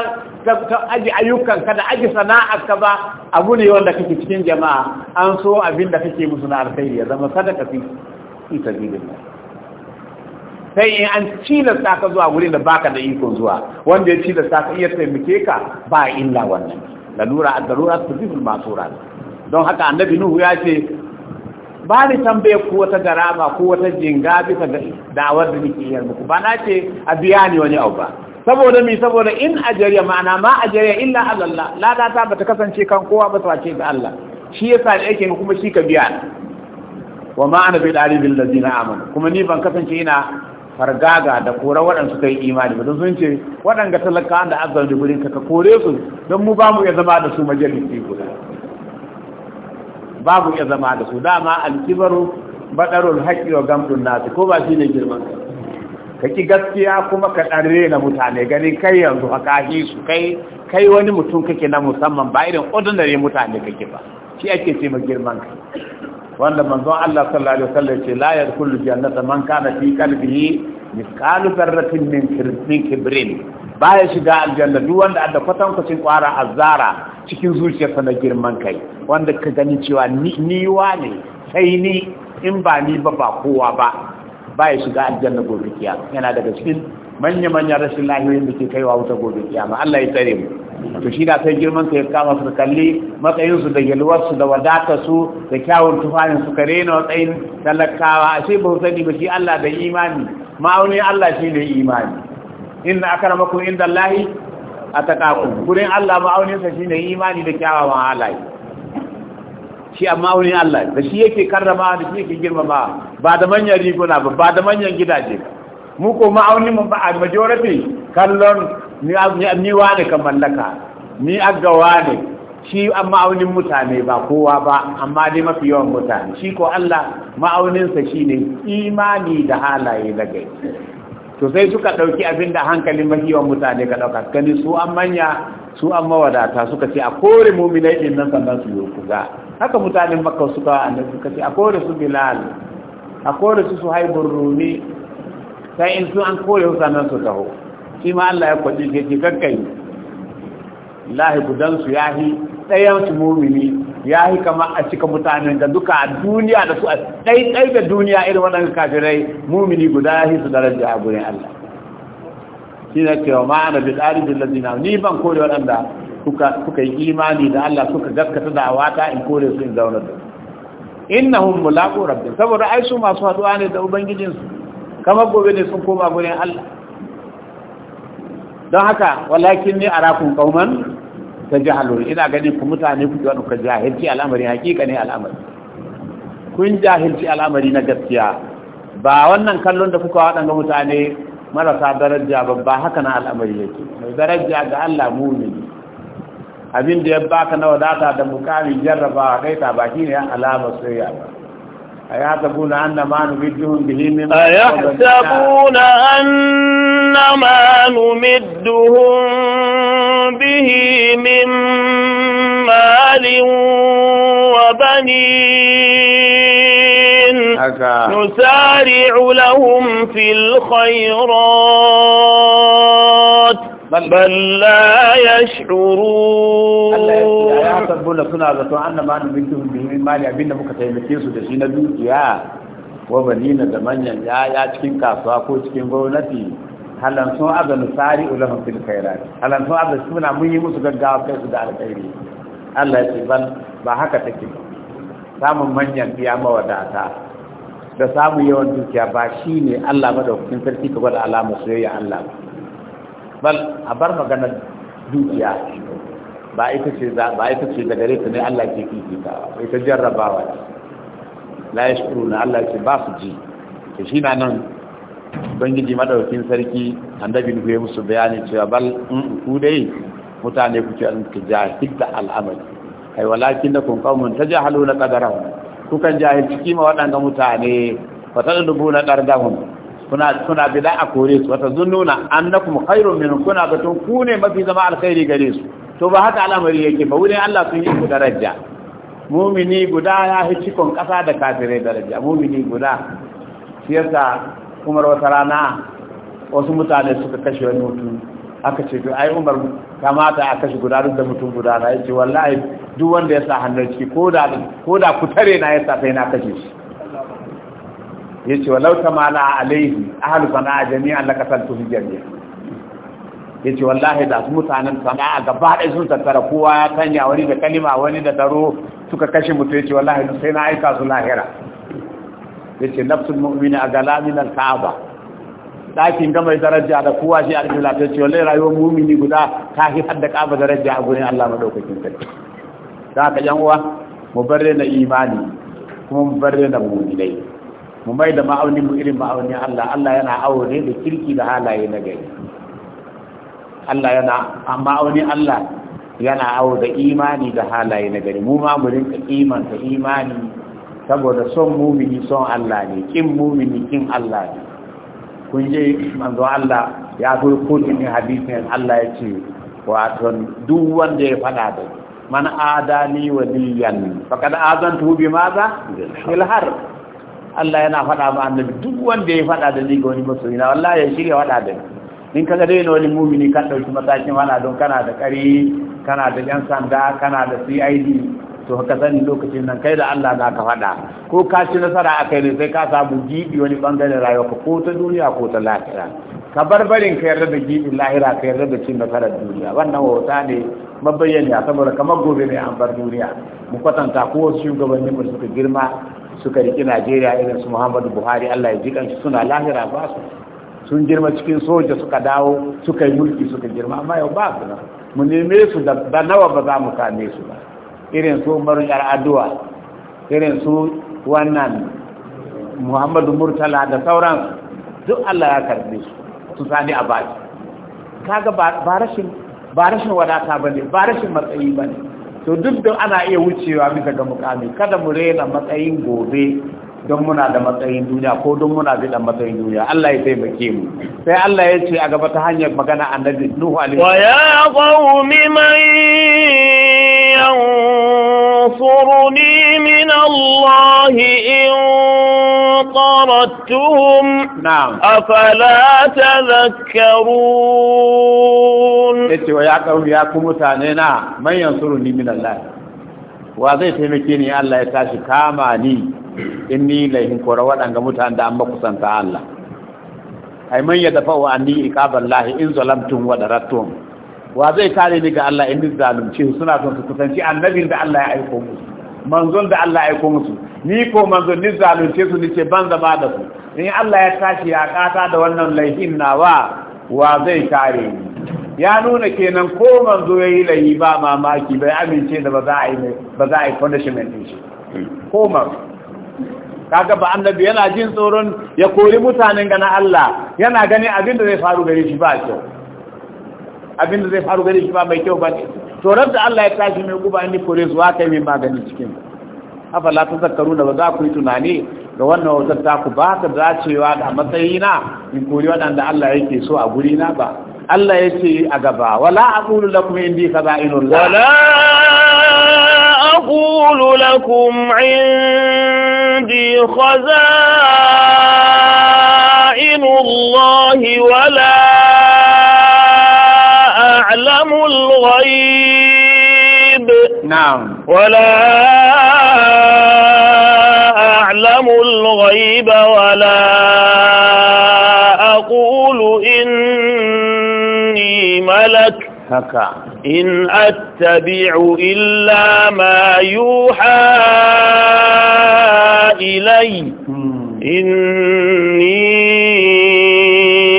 aji ayyukan ka da aji sana'a ka ba abu ne wanda kake cikin jama'a an so abin da kake musu na alkhairi ya zama sadaka fi ita sai in an cilasta ka zuwa wurin da baka da ikon zuwa wanda ya cilasta saka iya taimake ka ba illa wannan lalura ad-darura tudhibul don haka annabi nuhu ya ce ba ni tambaye ku wata garama ko wata jinga bisa ga dawar da nake yi muku ba na ce a biya ni wani abu ba saboda mi saboda in ajariya ma'ana ma ajariya illa Allah lada ta bata kasance kan kowa ba ce ga Allah shi yasa da yake kuma shi ka biya wa ma'ana bil alim bil ladina amanu kuma ni ban kasance ina fargaga da kora waɗanda suka yi imani ba sun ce waɗanda talakawa da azal da gurin ka kore su don mu ba mu ya zama da su majalisi guda babu ya zama da su dama alkibaru badarul haqqi wa gamdun nas ko ba shi ne girman ka ki gaskiya kuma ka dan na mutane ganin kai yanzu haka shi su kai kai wani mutum kake na musamman ba irin ordinary mutane kake ba shi ake ce ma girman ka? wanda manzon Allah sallallahu alaihi wasallam ce la kullu jannata man kana fi qalbihi misqalu darratin min kibrin baya shiga aljanna duk wanda adda kwatan kwacin kwara azara cikin zuciyarsa na girman kai wanda ka gani cewa niwa ne sai ni in ba ni ba ba kowa ba ba ya shiga aljanna gobe kiyama yana daga cikin manya-manya rashin lahiyoyin da ke kai wa wuta gobe kiyama Allah ya tsare mu to shi da sai girman kai kama su kalli matsayinsu da yalwarsu da wadata su da kyawun tufafin su kare na matsayin talakawa shi ba sani ba shi Allah da imani ma'auni Allah shi ne imani inna akramakum inda Allahi a takaku gudun Allah ma'auninsa shi ne imani da kyawawan halaye shi a ma'aunin Allah da shi yake karrama da shi yake girmama ba da manyan riguna ba ba da manyan gidaje mu ko ma'aunin mu ba a majority kallon ni ne ka mallaka ni aggawa ne shi a ma'aunin mutane ba kowa ba amma dai mafi yawan mutane shi ko Allah ma'auninsa shi ne imani da halaye na to sai suka ɗauki abin da hankalin mahiwan mutane ka ɗauka gani su an manya su an mawadata suka ce a kore muminai ɗin nan sannan su yi kuga haka mutanen makka suka annabi suka ce a kore su bilal a kore su su haibur rumi sai in su an kore su sannan su taho shi ma Allah ya kwaɗi ke ce kakkai lahi budan su yahi ɗayan su mumini ya yi kama a cika mutanen da duka a duniya da su a ɗaiɗai da duniya irin waɗanda kafirai mumini guda ya su daraja a gurin Allah shi na cewa ma'ana da tsari da na ni ban kore waɗanda suka yi imani da Allah suka gaskata da wata in kore su in zauna da hun mulaqu rabbin saboda ai su masu haɗuwa ne da ubangijinsu kamar gobe ne sun koma gurin Allah don haka walakin a rakun ƙauman. ta jahalu ina gani ku mutane ku wani ku jahilci al'amari hakika ne al'amari kun jahilci al'amari na gaskiya ba wannan kallon da kuka waɗanda mutane marasa daraja ba ba haka na al'amari yake mai daraja ga Allah mumini abin da ya baka na wadata da mukami jarrabawa kai ta baki ne alamar soyayya ba أيحسبون أن ما نمدهم به من أيحسبون أن ما نمدهم به من مال وبنين نسارع لهم في الخيرات bal la yash'urun Allah ya sabbo da suna zato annama an bikin bihi mali abinda muka taimake su da shi na dukiya wa banina da manyan yaya cikin kasuwa ko cikin gwamnati halan sun aza misari ulahum fil khairat halan sun aza suna mun yi musu gaggawa kai su da alkhairi Allah ya ce ban ba haka take ba samun manyan biya mawadata da samun yawan dukiya ba shi ne Allah madaukakin sarki ka gwada alamar soyayya Allah ba bal a bar magana dukiya ba ita ce za ba ita ce da gare ta ne Allah ke fifita ba ita jarrabawa ce la na Allah ce ba su ji to shi na nan bangiji madaukin sarki annabi ne ya musu bayani cewa bal mm, ku dai mutane kuke an jahil da al'amari ai walakin da kun ta jahalu na qadarahu kukan jahilci kima waɗanda mutane fatadubuna qadarahu kuna kuna bida a kore su wata zunnuna annakum khairun min kuna batun ku ne mafi zama alkhairi gare su to ba haka al'amari yake ba wurin Allah sun yi ku daraja mumini guda ya hi cikon kasa da kafire daraja mumini guda siyasa Umar wata rana wasu mutane suka kashe wani mutum aka ce to ai Umar kamata a kashe guda duk da mutum guda na yace wallahi duk wanda ya sa hannun ciki ko da ko da kutare na yasa sai na kashe shi yace walau a alaihi a ahlu sana'a jami'an lakasaltu fi jami'a yace wallahi da su mutanen sana'a gaba ɗaya sun tattara kowa ya sanya wani da kalima wani da taro suka kashe mutu yace wallahi sai na aika su lahira yace ce nafsun agala a galamin alka'aba dakin gama daraja da kowa shi a alhamdulillah lafiya ce wallahi rayuwar mu'mini guda ta hi hadda ka'aba daraja a gurin Allah madaukakin sarki da haka yan uwa mu barre na imani kuma mu barre na mu'minai mu mai da ma'aunin mu irin ma'aunin Allah Allah yana aure da kirki da halaye na gari Allah yana ma'aunin Allah yana aure da imani da halaye na gari mu ma mu rinka da imani saboda son mumini son Allah ne kin mumini kin Allah ne kun je manzo Allah ya zo kotun hadisin Allah ya ce wato duk wanda ya fada da man adani waliyan faqad azantu bi maza ilhar Allah yana faɗa ma annabi duk wanda ya faɗa da ni ga wani masoyi na wallahi ya shirya faɗa da ni in kaga dai wani mumini kan dauki matakin wani don kana da kari kana da yan sanda kana da CID to ka sani lokacin nan kai da Allah za ka faɗa ko ka ci nasara a kai ne sai ka samu gibi wani bangaren rayuwa ko ta duniya ko ta lahira ka bar barin ka yarda da gibin lahira ka yarda da cin nasarar duniya wannan wauta ne a saboda kamar gobe mai ambar duniya mu kwatanta ko wasu shugabannin mu suka girma suka riki Najeriya irin su Muhammadu Buhari Allah ya ji kansu suna lahira ba su sun girma cikin soja suka dawo suka yi mulki suka girma amma yau ba su nan mu neme su da nawa ba za mu kame su ba irin su Umaru Yar Addu'a irin su wannan Muhammadu Murtala da sauran duk Allah ya karbe su su sani a baki kaga ba rashin ba rashin wadata ba ne ba rashin matsayi ba ne to duk da ana iya wucewa bisa ga mukami kada mu rena matsayin gobe don muna da matsayin duniya ko don muna da matsayin duniya Allah ya taimake mu sai Allah ya ce a gaba ta hanyar magana annabi Nuhu alaihi wa ya qaumi man ينصرني من الله إن طردتهم نعم أفلا تذكرون إتي ويا قوم يا قوم تانينا من ينصرني من الله وذي تمكيني الله يتاشي كاماني إني لهم كروان أنك متعند أما قسنت الله أي من يدفع عني إقاب الله إن ظلمتم ودرتم wa zai kare ni ga Allah in zalunci suna son su kusanci annabin da Allah ya aiko musu manzon da Allah ya aiko musu ni ko manzon ni zalunce su ni ce ban zama da su in Allah ya tashi ya kata da wannan laifin nawa wa zai kare ni ya nuna kenan ko manzo yayi laifi ba mamaki bai amince da ba za a yi ba za a yi punishment din shi ko kaga ba annabi yana jin tsoron ya kori mutanen ga na Allah yana gani abin da zai faru gare shi ba kyau abin da zai faru gare shi ba mai kyau ba ne to rabda Allah ya tashi mai guba ni kore zuwa kai mai magani cikin afa la tazakkaru da ba za ku yi tunani ga wannan wautar ta ku ba ka dacewa da matsayina in kori waɗanda Allah yake so a guri na ba Allah ya ce a gaba wala aqulu lakum indi khaza'inullah wala aqulu lakum indi khaza'inullah wala يعلم الغيب نعم ولا أعلم الغيب ولا أقول إني ملك هكا إن أتبع إلا ما يوحى إلي إني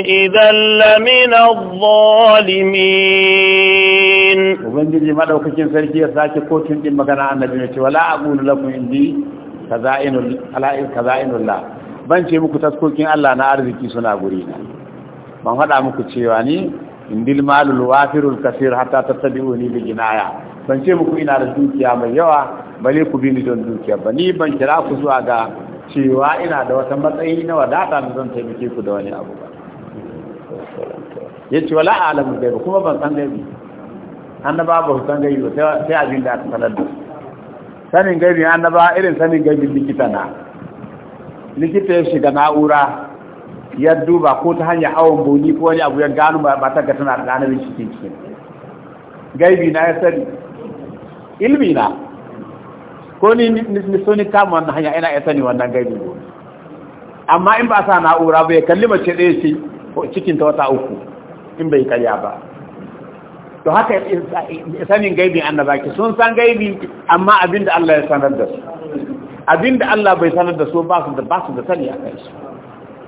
Idan لمن الظالمين ubangiji madaukakin sarki ya sake kotun din magana annabi ne wala la aqulu lakum indi kaza'inul kaza'inullah ban ce muku taskokin Allah na arziki suna guri na ban hada muku cewa ni indil malul wafirul kasir hatta tattabi'uni bi jinaya ban ce muku ina da dukiya mai yawa bale ku bi ni don dukiya ba ni ban kira ku zuwa ga cewa ina da wata matsayi na wadata da zan taimake ku da wani abu ba Ya ce wala alamun gaibu kuma ban san An annaba ba su san gaibu sai abin da aka sanar da sanin gaibi annaba irin sanin gaibu likita na likita ya shiga na'ura ya duba ko ta hanyar awon boni ko wani abu ya gano ba ta gata na da ɗanabin cikin cikin gaibu na ya sani ilmi na ko ni so kama wannan hanya ina ya sani wannan gaibu amma in ba sa na'ura ba ya kalli mace ɗaya ce cikin ta wata uku in bai karya ba to haka sanin gaibi annabaki sun san gaibi amma abinda Allah ya sanar da su abinda Allah bai sanar da su ba su da ba su da sani akai su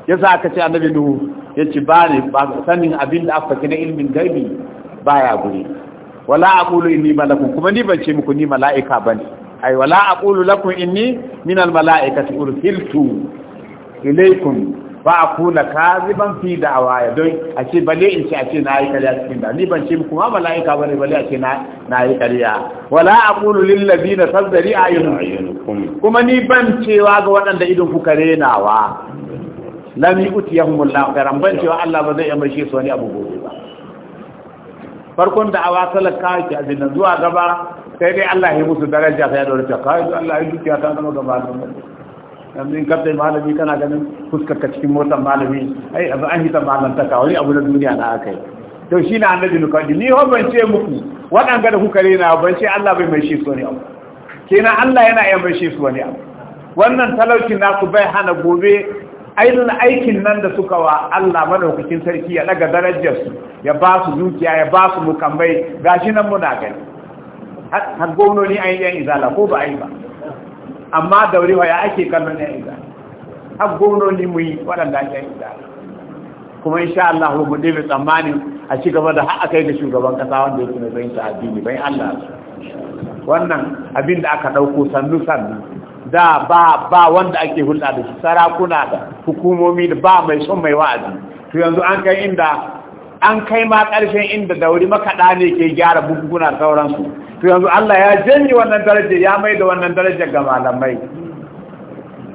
yasa aka ce annabi nuhu yace ba ne ba sanin abinda aka kina ilmin gaibi baya guri wala aqulu inni malakun kuma ni ban ce muku ni mala'ika bane ai wala aqulu lakum inni minal mala'ikati ursiltu ilaykum ba a kuna kaziban fi da awaya don a ce bale in ce a ce na yi karya cikin da ni ban ce muku ma mala'ika bane bale a ce na yi karya wala aqulu lil ladina tazdari ayunukum kuma ni ban cewa ga waɗanda idon ku karenawa lam yutiyahum Allah karam ban cewa Allah ba zai amince su wani abu gobe ba farkon da awa talaka ki azin zuwa gaba sai dai Allah ya musu daraja sai ya dora ta kai Allah ya dukiya ta zama gaba yanzu in malami kana ganin fuskar ka cikin motar malami ai abu an hita malantaka wani abu na duniya na aka yi to shi na annabi nukadi ni ban ce muku waɗanga da kuka rena ban ce Allah bai mai shi su wani abu kenan Allah yana iya mai shi su wani abu wannan na ku bai hana gobe ainihin aikin nan da suka wa Allah madaukakin sarki ya daga darajar su, ya ba su dukiya ya ba su mukammai gashi nan muna gani har gwamnoni an yi yan izala ko ba a yi ba amma da daurewa ya ake kallon ya isa har ne mu yi waɗanda ya isa kuma insha Allah mu ɗebe tsammanin a ci gaba da har kai da shugaban kasa wanda yake mai bayin addini bai Allah wannan abin da aka ɗauko sannu sannu da ba ba wanda ake hulɗa da shi sarakuna da hukumomi da ba mai son mai wa'azi to yanzu an kai inda an kai ma ƙarshen inda da wuri makaɗa ne ke gyara bukukuna sauransu to yanzu Allah ya janye wannan darajar ya mai da wannan darajar ga malamai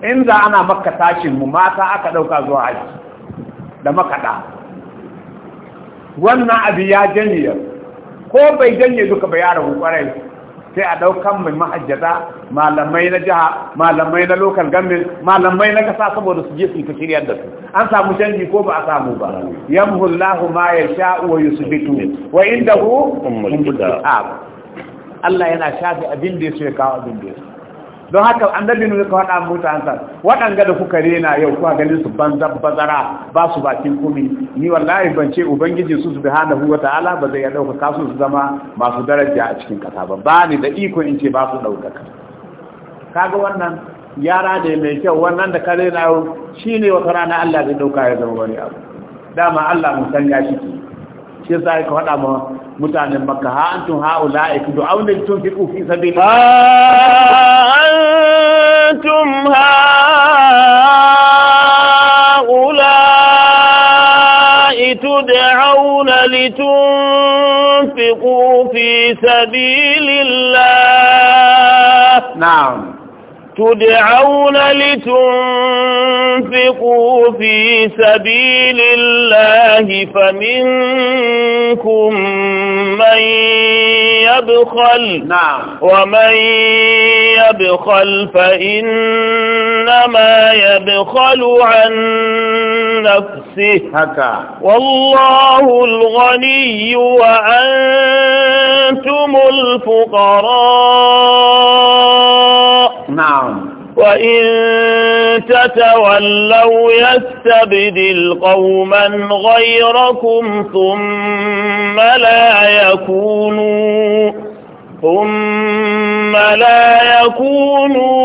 in za ana maka tashin mu mata aka ɗauka zuwa aji da makaɗa wannan abu ya janye ko bai janye duka bai yara ƙwarai sai a daukan mai mahajjata malamai na jiha malamai na lokal government malamai na kasa saboda su je su ta shirya da su an samu canji ko ba a samu ba yamhu Allahu ma yasha wa yusbitu wa indahu ummul kitab Allah yana shafi abin da yake kawo abin da yake don haka annabi ne ka faɗa mutansa waɗanga da kuka rena yau kuka ganin su banza bazara ba su bakin kumi ni wallahi ban ce ubangiji su subhanahu ta'ala ba zai dauka kasu su zama masu daraja a cikin kasa ba ba ni da iko in ce ba su dauka kaga wannan yara da mai kyau wannan da ka rena yau shine wata rana Allah zai dauka ya zama wani abu dama Allah mun san ya shi shi yasa ka faɗa ma mutanen makka ha antum ha'ula'i tu'awna tun fi sabilillah أنتم هؤلاء تدعون لتنفقوا في سبيل الله نعم تدعون لتنفقوا في سبيل الله فمنكم ومن يبخل نعم ومن يبخل فإنما يبخل عن نفسه هكا والله الغني وأنتم الفقراء نعم وإن تتولوا يستبدل قوما غيركم ثم لا يكونوا ثم لا يكونوا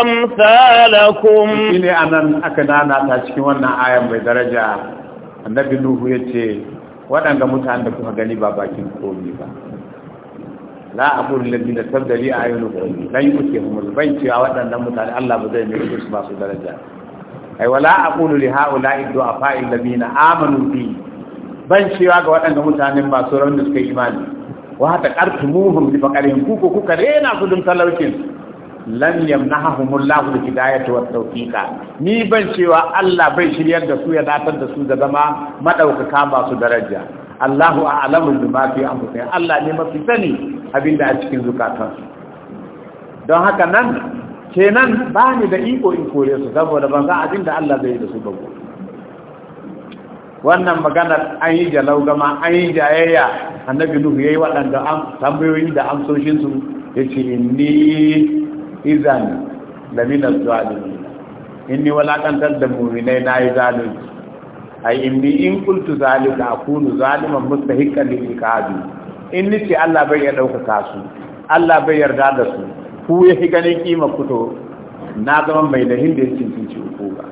أمثالكم إلي أنا أكدانا تشكيوانا آية بدرجة النبي نوح يتي waɗanda mutanen da kuka gani ba bakin komi ba la abul ladina tabdali ayunukum la yutihum albayt ya waɗannan mutane Allah ba zai mai su ba su daraja ai wala aqulu li haula'i du'afa alladina amanu bi ban cewa ga wadannan mutanen ba su da suka imani wa ta qartumuhum bi faqarihim ku ko kuka rena su dun talaucin lan yamnahum Allahu bi hidayati wa tawfiqa ni ban cewa Allah bai shiryar da su ya datar da su da zama madaukaka masu daraja Allahu a'lamu bima fi anfusihim Allah ne mafi sani abin da a cikin zukatansu don haka nan kenan ba ni da iko in kore su saboda ban san abin da Allah zai da su babu wannan maganar an yi jalau gama an yi jayayya annabi nuhu yayi waɗanda tambayoyi da amsoshin su yace inni izan lamina zalimin inni walakantar da mu'minai na yi zalunci ai inni in kuntu zalika akunu zaliman mustahiqan lil iqabi in nice Allah bai ya ɗaukaka su Allah bai yarda da su ku ya fi ganin kima to na zama mai lahin da yankin cinci uku ba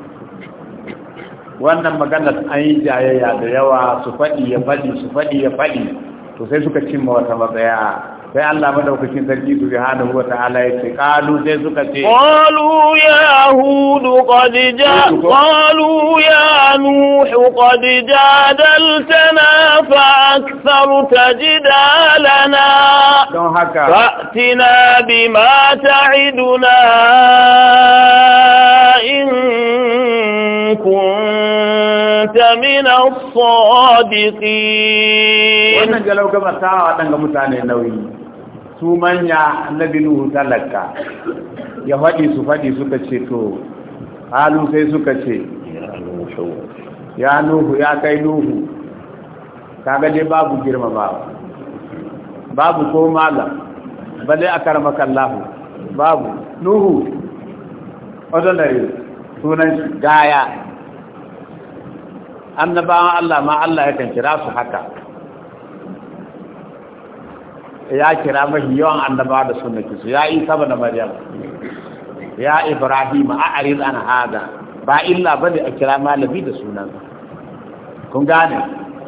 wannan maganar an yi jayayya da yawa su faɗi ya faɗi su faɗi ya faɗi to sai suka cimma wata matsaya sai Allah madaukakin sarki subhanahu wa ta'ala ya ce qalu sai suka ce qalu ya hud qad ja qalu ya nuh qad jadaltana fa aktharta jidalana don haka fatina bima ta'iduna in kunta min as-sadiqin wannan galau gaba ta waɗanga mutane nauyi su manya annabi nuhu talaka ya faɗi su faɗi suka ce to halu sai suka ce ya nuhu ya kai nuhu kaga dai babu girma babu babu ko malam bale a karmaka Allah babu nuhu ordinary sunan gaya annabawan Allah ma Allah ya kan kira su haka ya kira mafi yawan annaba da sunnaki su ya yi saba da maryam ya ibrahim a arin an hada ba illa ba bane a kira malami da sunan kun gane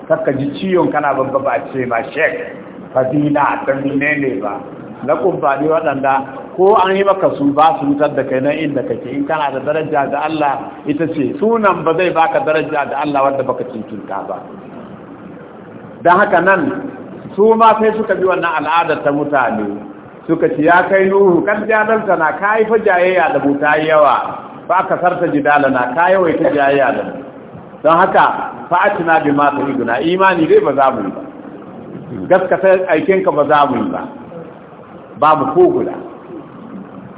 kakka ji ciwon kana babba ba ce ba shek fadila ta ne ba na kumfani waɗanda ko an yi maka su ba su mutar da kai nan inda kake in kana da daraja da Allah ita ce sunan ba zai baka daraja da Allah wanda baka ta ba don haka nan su ma sai suka bi wannan al'adar ta mutane suka ci ya kai nuhu kan jadanka na kai fa jayayya da buta yawa ba ka sarta jidala na kai wai ta jayayya da don haka fa atina bi ma turiduna imani dai ba za mu ba sai aikin ka ba za mu ba babu ko guda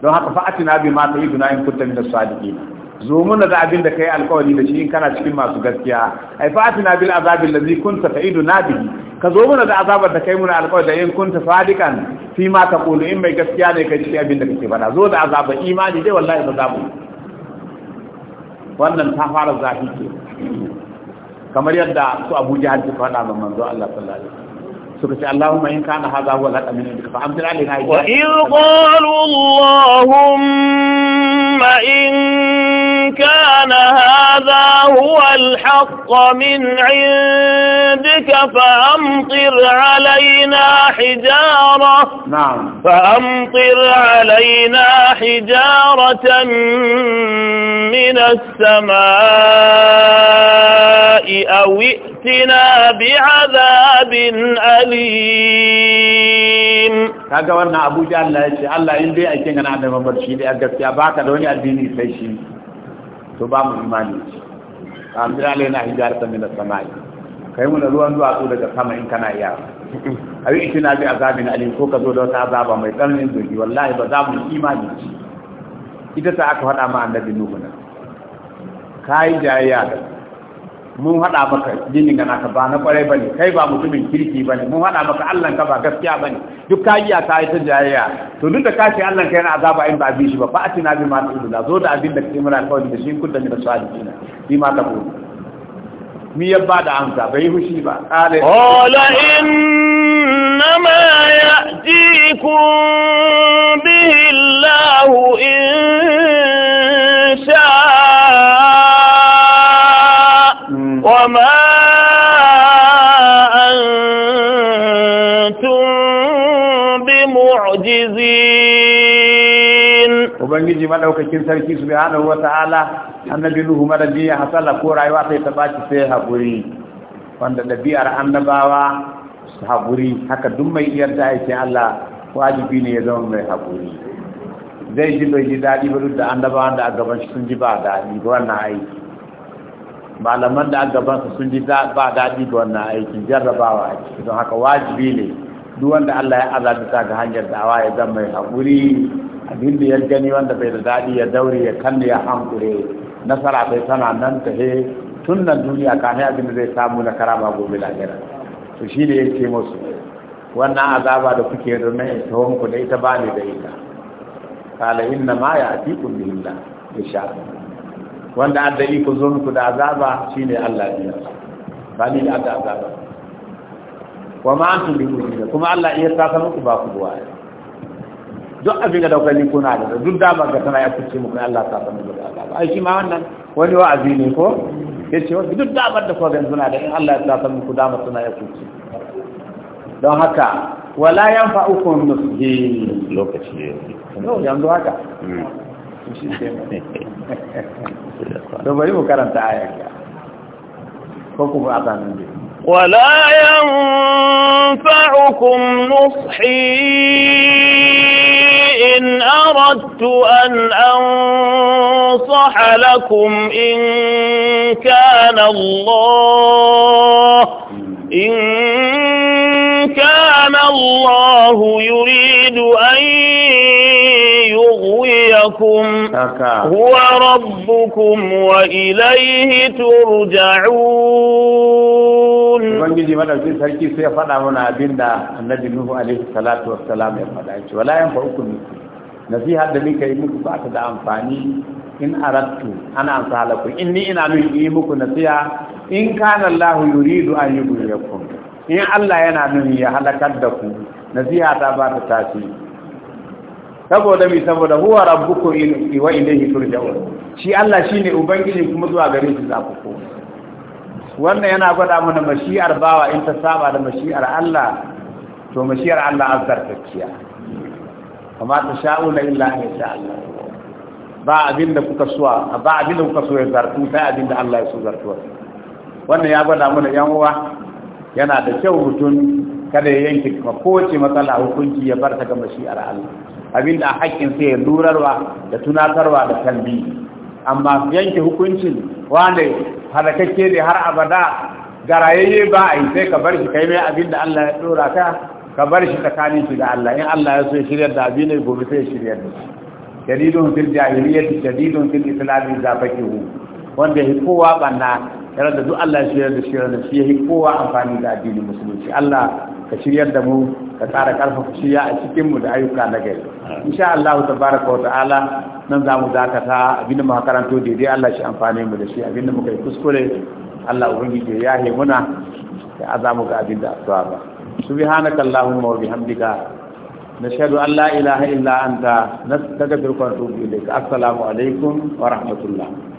don haka fa atina bi ma turiduna in kuntum min as-sadiqina zo muna da abin da kai alƙawari da shi in kana cikin masu gaskiya ai fatina bil azabil ladzi kunta fa'idu nabi ka zo muna da azabar da kai muna alƙawari da in kunta sadikan fi ma taqulu in mai gaskiya ne kai cikin abin da kake bana. zo da azabar imani dai wallahi ba za mu wannan ta fara zafi ke kamar yadda su Abu Jahal ta fada ma manzo Allah sallallahu alaihi wasallam suka ce Allahumma in kana hadha huwa al-haqq min indika fa amtir alaina wa in qalu Allahumma هو الحق من عندك فأمطر علينا حجارة نعم فأمطر علينا حجارة من السماء أو ائتنا بعذاب أليم هذا هو أبو جان الله إن بي أجنان أنا مبرشي لأجب يا باكا دوني أديني فيشي تو با مهمانيش amir na hijaratan min as-sama'i kai mu da ruwan duwatsu daga sama in kana iya ayi itina bi azabin alim ko ka zo da wata azaba mai tsananin doki wallahi ba za mu imani ita ta aka faɗa ma annabi nuhu Ka kai jayya da mun haɗa maka dinin gana ka ba na kwarai bane kai ba mutumin kirki bane mun haɗa maka Allah ka ba gaskiya bane duk ka yi ta yi ta jayayya to duk da ka ce Allah ka yana azaba in ba bi shi ba fa atina bi ma tudu da zo da abin da ke mura kawai da shi kun da da sadiqina bi ma ta ku mi ya ba da amsa bai hushi ba ma ya ji ya'tikum bihi Allah in sha'a ubangiji madaukakin sarki subhanahu wataala annabi nuhu madadi ya hasala ko rayuwa sai ta baci sai haƙuri. wanda dabi'ar annabawa haƙuri haka duk mai iyar da yake Allah wajibi ne ya zama mai haƙuri. zai ji bai ji daɗi ba duk da annabawa da a gaban shi sun ji ba daɗi ga wannan aiki malaman da a gaban su sun ji ba daɗi ga wannan aiki jarrabawa aiki don haka wajibi ne duk wanda Allah ya azabta ga hanyar da'awa ya zama mai haƙuri. abin da ya gani wanda bai da daɗi ya daure ya kanne ya hankure nasara bai tana nan ta he tun nan duniya kafin abin da zai samu na karama gobe lahira to shi ne ce musu wannan azaba da kuke rana tawon ku da ita bani da ita kala inna ma ya atikum ya insha wanda adda iko zo ku da azaba ne Allah ne ba ni da azaba wa ma antum bi kuma Allah iya saka muku ba ku duwa duk abin da daukar na da duk dama ga tana ya kuce kai Allah ta san da Allah ai shi ma wannan wani wa'azi ne ko yace wa duk dama da ko ganin suna da in Allah ya san ku dama suna ya kuce don haka wala yanfa'ukum nusbi lokaci ne yanzu haka hmm. to bari mu karanta ayar ko kuma a ne ولا ينفعكم نصحي إن أردت أن أنصح لكم إن كان الله إن كان الله يريد أن يغويكم هو ربكم وإليه ترجعون ونجي من أجل سيكي سيفنا هنا أبين دا النبي نوح عليه الصلاة والسلام يفعل ولا ينفعكم نسيها دليك إنك بعد دا أنفاني in arattu ana salakum inni ina nun yi muku nasiya in kana Allah yuridu an yughyikum in Allah yana nuni ya halakar da ku nasiha ta ba ta tashi saboda mi saboda huwa rabbukum wa ilayhi turja'un shi Allah shine ubangiji kuma zuwa gare shi za ku koma wannan yana gwada mana mashi'ar bawa in ta saba da mashi'ar Allah to mashi'ar Allah azzartacciya amma ta sha'u illa ilaha sha Allah ba abin da kuka suwa ba abin da kuka so ya zartu sai abin da Allah ya so zartuwa wannan ya gwada mana yan uwa yana da kyau mutum kada ya yanke kuma kowace matsala hukunci ya bar ta ga mashi'ar Allah abin da haƙƙin sai ya lurarwa da tunatarwa da tambi amma yanke hukuncin wane harakakke ne har abada garayayye ba a yi sai ka bar shi kai mai abin da Allah ya dora ka ka bar shi tsakanin shi da Allah in Allah ya so ya shirya da abin ne gobe sai ya shirya da shi shadidun fil jahiliyyati shadidun fil islam idza fakihu wanda yi kowa banna yara da duk Allah shi da shi da shi yi kowa amfani da addinin musulunci Allah ka shiryar da mu ka tsara karfafa shirya a cikin mu da ayyuka na gari insha Allah tabaraka wa ta'ala nan za mu dakata abinda mu karanto daidai Allah shi amfane mu da shi abinda muka yi kuskure Allah ubangiji ya yahe muna ya azamu ga abinda asaba subhanakallahumma wa bihamdika نشهد أن لا إله إلا أنت نستغفرك ونتوب إليك السلام عليكم ورحمة الله